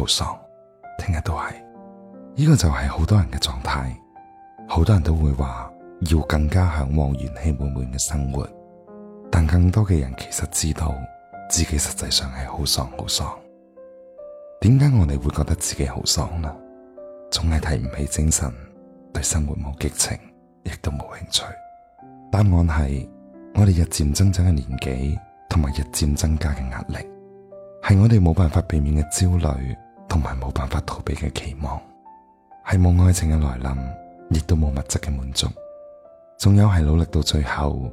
好喪，聽日都係，呢個就係好多人嘅狀態。好多人都會話要更加向往元氣滿滿嘅生活，但更多嘅人其實知道自己實際上係好喪，喪、好喪。點解我哋會覺得自己好喪？啦？總係提唔起精神，對生活冇激情，亦都冇興趣。答案係我哋日漸增長嘅年紀，同埋日漸增加嘅壓力，係我哋冇辦法避免嘅焦慮。同埋冇辦法逃避嘅期望，係冇愛情嘅來臨，亦都冇物質嘅滿足，仲有係努力到最後，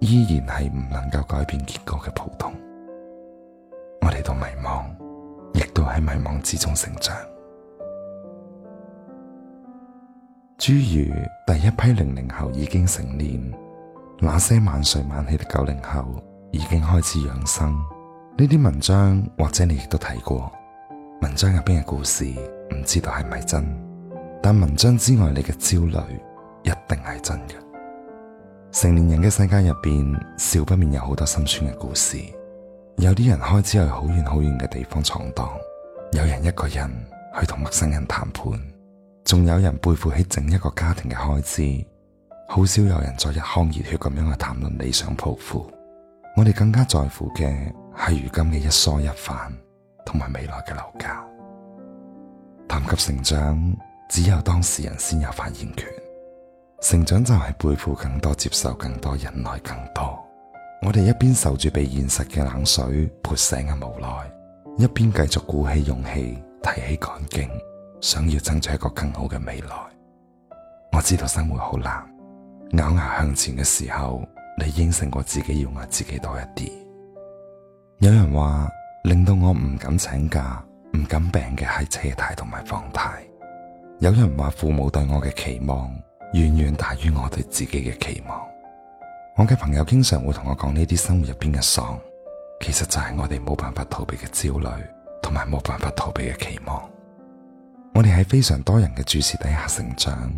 依然係唔能夠改變結果嘅普通。我哋都迷茫，亦都喺迷茫之中成長。諸如第一批零零後已經成年，那些晚睡晚起嘅九零後已經開始養生，呢啲文章或者你亦都睇過。文章入邊嘅故事唔知道係咪真，但文章之外你嘅焦慮一定係真嘅。成年人嘅世界入邊，少不免有好多心酸嘅故事。有啲人開始去好遠好遠嘅地方闖蕩，有人一個人去同陌生人談判，仲有人背負起整一個家庭嘅開支。好少有人再一腔熱血咁樣去談論理想抱負。我哋更加在乎嘅係如今嘅一蔬一飯，同埋未來嘅樓價，談及成長，只有當事人先有發言權。成長就係背負更多，接受更多，忍耐更多。我哋一邊受住被現實嘅冷水潑醒嘅無奈，一邊繼續鼓起勇氣，提起幹勁，想要爭取一個更好嘅未來。我知道生活好難，咬牙向前嘅時候，你應承過自己要愛自己多一啲。有人話，令到我唔敢請假、唔敢病嘅係車貸同埋房貸。有人話，父母對我嘅期望遠遠大於我對自己嘅期望。我嘅朋友經常會同我講呢啲生活入邊嘅喪，其實就係我哋冇辦法逃避嘅焦慮，同埋冇辦法逃避嘅期望。我哋喺非常多人嘅注視底下成長，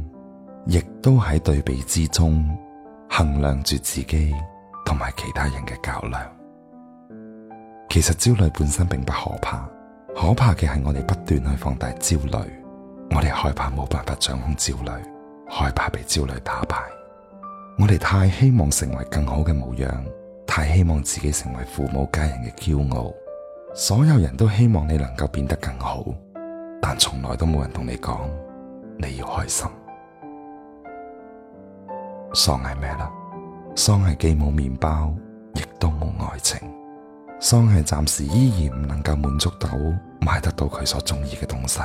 亦都喺對比之中衡量住自己同埋其他人嘅較量。其實焦慮本身並不可怕，可怕嘅係我哋不斷去放大焦慮，我哋害怕冇辦法掌控焦慮，害怕被焦慮打敗。我哋太希望成為更好嘅模樣，太希望自己成為父母家人嘅驕傲。所有人都希望你能夠變得更好，但從來都冇人同你講你要開心。喪係咩啦？喪係既冇麵包，亦都冇愛情。喪係暫時依然唔能夠滿足到買得到佢所中意嘅東西。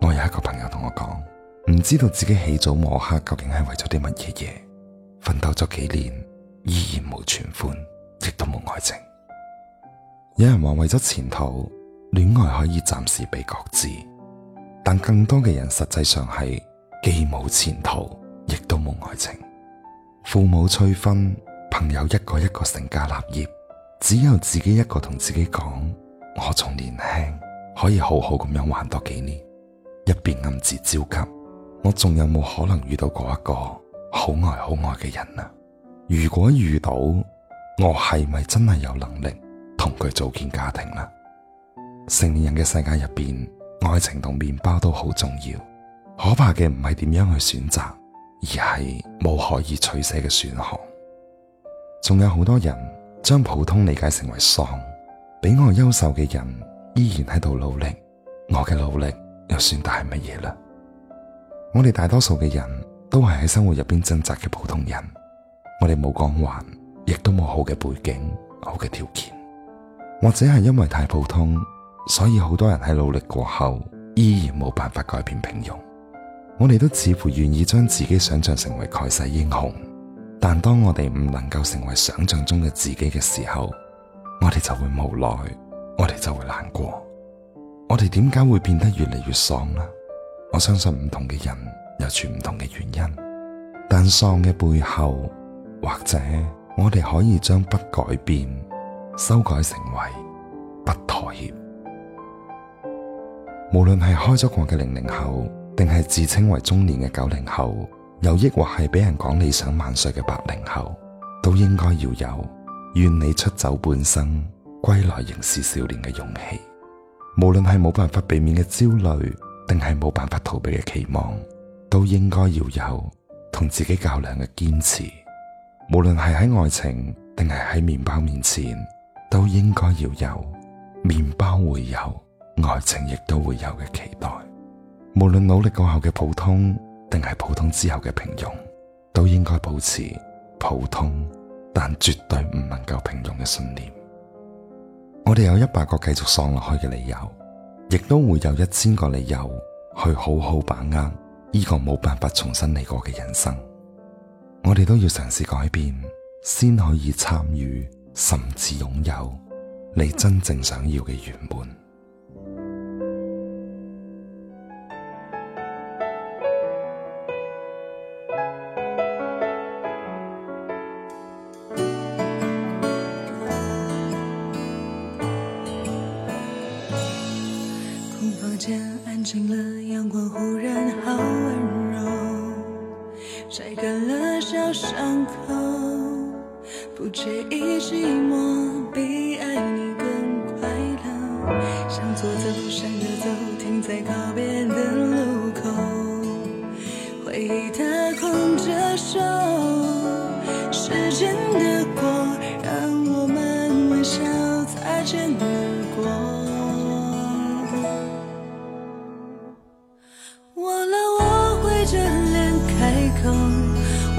我有一個朋友同我講，唔知道自己起早摸黑究竟係為咗啲乜嘢嘢，奮鬥咗幾年依然冇存款，亦都冇愛情。有人話為咗前途，戀愛可以暫時被擱置，但更多嘅人實際上係既冇前途，亦都冇愛情。父母催婚，朋友一個一個成家立業。只有自己一個同自己講，我仲年輕，可以好好咁樣玩多幾年。一邊暗自焦急，我仲有冇可能遇到嗰一個好愛好愛嘅人啊？如果遇到，我係咪真係有能力同佢組建家庭啦？成年人嘅世界入邊，愛情同麵包都好重要。可怕嘅唔係點樣去選擇，而係冇可以取捨嘅選項。仲有好多人。將普通理解成為喪，比我優秀嘅人依然喺度努力，我嘅努力又算得係乜嘢啦？我哋大多數嘅人都係喺生活入邊掙扎嘅普通人，我哋冇光環，亦都冇好嘅背景、好嘅條件，或者係因為太普通，所以好多人喺努力過後依然冇辦法改變平庸。我哋都似乎願意將自己想象成為蓋世英雄。但當我哋唔能夠成為想象中嘅自己嘅時候，我哋就會無奈，我哋就會難過。我哋點解會變得越嚟越喪呢？我相信唔同嘅人有住唔同嘅原因，但喪嘅背後，或者我哋可以將不改變修改成為不妥協。無論係開咗房嘅零零後，定係自稱為中年嘅九零後。又抑或係俾人講理想萬歲嘅八零後都應該要有，願你出走半生歸來仍是少年嘅勇氣。無論係冇辦法避免嘅焦慮，定係冇辦法逃避嘅期望，都應該要有同自己較量嘅堅持。無論係喺愛情定係喺麵包麵前，都應該要有麵包會有愛情亦都會有嘅期待。無論努力過後嘅普通。定係普通之後嘅平庸，都應該保持普通，但絕對唔能夠平庸嘅信念。我哋有一百個繼續喪落去嘅理由，亦都會有一千個理由去好好把握呢個冇辦法重新嚟過嘅人生。我哋都要嘗試改變，先可以參與，甚至擁有你真正想要嘅圓滿。醒了，陽光忽然好溫柔，曬乾了小傷口，不介意寂寞。